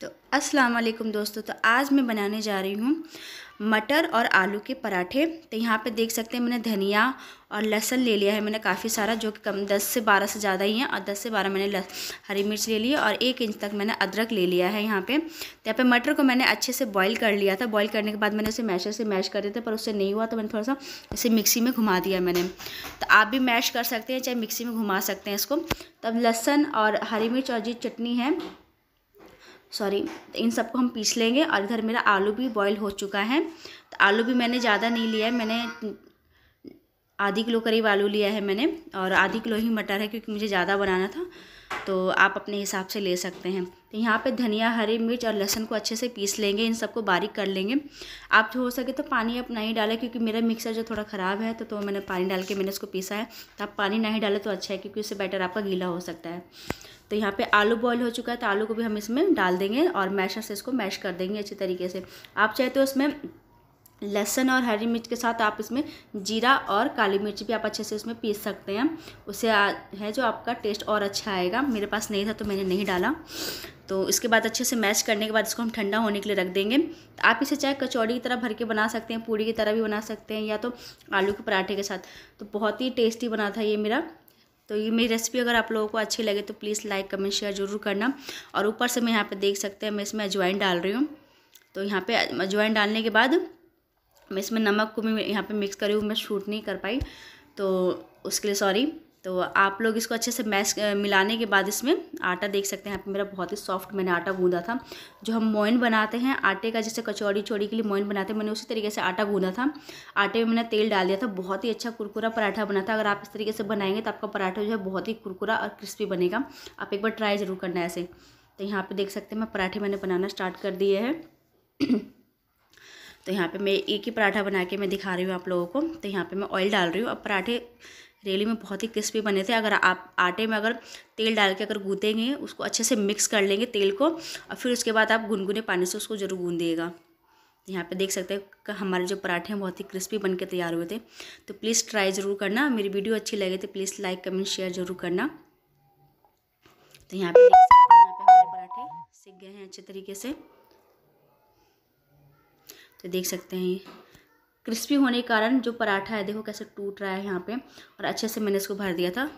तो अस्सलाम वालेकुम दोस्तों तो आज मैं बनाने जा रही हूँ मटर और आलू के पराठे तो यहाँ पे देख सकते हैं मैंने धनिया और लहसन ले लिया है मैंने काफ़ी सारा जो कि कम दस से बारह से ज़्यादा ही है और दस से बारह मैंने हरी मिर्च ले ली और एक इंच तक मैंने अदरक ले लिया है यहाँ पे तो यहाँ पे मटर को मैंने अच्छे से बॉईल कर लिया था बॉईल करने के बाद मैंने उसे मैशर से मैश कर दिया था पर उससे नहीं हुआ तो मैंने थोड़ा सा इसे मिक्सी में घुमा दिया मैंने तो आप भी मैश कर सकते हैं चाहे मिक्सी में घुमा सकते हैं इसको तब लहसन और हरी मिर्च और जी चटनी है सॉरी इन सबको हम पीस लेंगे और इधर मेरा आलू भी बॉईल हो चुका है तो आलू भी मैंने ज़्यादा नहीं लिया है मैंने आधी किलो करीब आलू लिया है मैंने और आधी किलो ही मटर है क्योंकि मुझे ज़्यादा बनाना था तो आप अपने हिसाब से ले सकते हैं तो यहाँ पे धनिया हरी मिर्च और लहसुन को अच्छे से पीस लेंगे इन सबको बारीक कर लेंगे आप जो हो सके तो पानी आप नहीं डालें क्योंकि मेरा मिक्सर जो थोड़ा ख़राब है तो तो मैंने पानी डाल के मैंने इसको पीसा है तो आप पानी नहीं डालें तो अच्छा है क्योंकि उससे बैटर आपका गीला हो सकता है तो यहाँ पे आलू बॉईल हो चुका है तो आलू को भी हम इसमें डाल देंगे और मैशर से इसको मैश कर देंगे अच्छी तरीके से आप चाहे तो उसमें लहसन और हरी मिर्च के साथ आप इसमें जीरा और काली मिर्च भी आप अच्छे से इसमें पीस सकते हैं उससे है जो आपका टेस्ट और अच्छा आएगा मेरे पास नहीं था तो मैंने नहीं डाला तो इसके बाद अच्छे से मैश करने के बाद इसको हम ठंडा होने के लिए रख देंगे तो आप इसे चाहे कचौड़ी की तरह भर के बना सकते हैं पूड़ी की तरह भी बना सकते हैं या तो आलू के पराठे के साथ तो बहुत ही टेस्टी बना था ये मेरा तो ये मेरी रेसिपी अगर आप लोगों को अच्छी लगे तो प्लीज़ लाइक कमेंट शेयर जरूर करना और ऊपर से मैं यहाँ पर देख सकते हैं मैं इसमें अजवाइन डाल रही हूँ तो यहाँ पर अजवाइन डालने के बाद मैं इसमें नमक को भी यहाँ पे मिक्स करी हुई मैं शूट नहीं कर पाई तो उसके लिए सॉरी तो आप लोग इसको अच्छे से मैश मिलाने के बाद इसमें आटा देख सकते हैं यहाँ पे मेरा बहुत ही सॉफ्ट मैंने आटा गूंदा था जो हम मोइन बनाते हैं आटे का जैसे कचौड़ी चौड़ी के लिए मोइन बनाते हैं मैंने उसी तरीके से आटा गूंदा था आटे में मैंने तेल डाल दिया था बहुत ही अच्छा कुरकुरा पराठा बना था अगर आप इस तरीके से बनाएंगे तो आपका पराठा जो है बहुत ही कुरकुरा और क्रिस्पी बनेगा आप एक बार ट्राई ज़रूर करना ऐसे तो यहाँ पर देख सकते हैं मैं पराठे मैंने बनाना स्टार्ट कर दिए हैं तो यहाँ पे मैं एक ही पराठा बना के मैं दिखा रही हूँ आप लोगों को तो यहाँ पे मैं ऑयल डाल रही हूँ अब पराठे रेली में बहुत ही क्रिस्पी बने थे अगर आप आटे में अगर तेल डाल के अगर गूँधेंगे उसको अच्छे से मिक्स कर लेंगे तेल को और फिर उसके बाद आप गुनगुने पानी से उसको जरूर गूँधिएगा यहाँ पे देख सकते हैं हमारे जो पराठे हैं बहुत ही क्रिस्पी बन के तैयार हुए थे तो प्लीज़ ट्राई ज़रूर करना मेरी वीडियो अच्छी लगे तो प्लीज़ लाइक कमेंट शेयर ज़रूर करना तो यहाँ पे देख सकते हैं यहाँ पे हमारे पराठे सीख गए हैं अच्छे तरीके से तो देख सकते हैं ये क्रिस्पी होने के कारण जो पराठा है देखो कैसे टूट रहा है यहाँ पे और अच्छे से मैंने इसको भर दिया था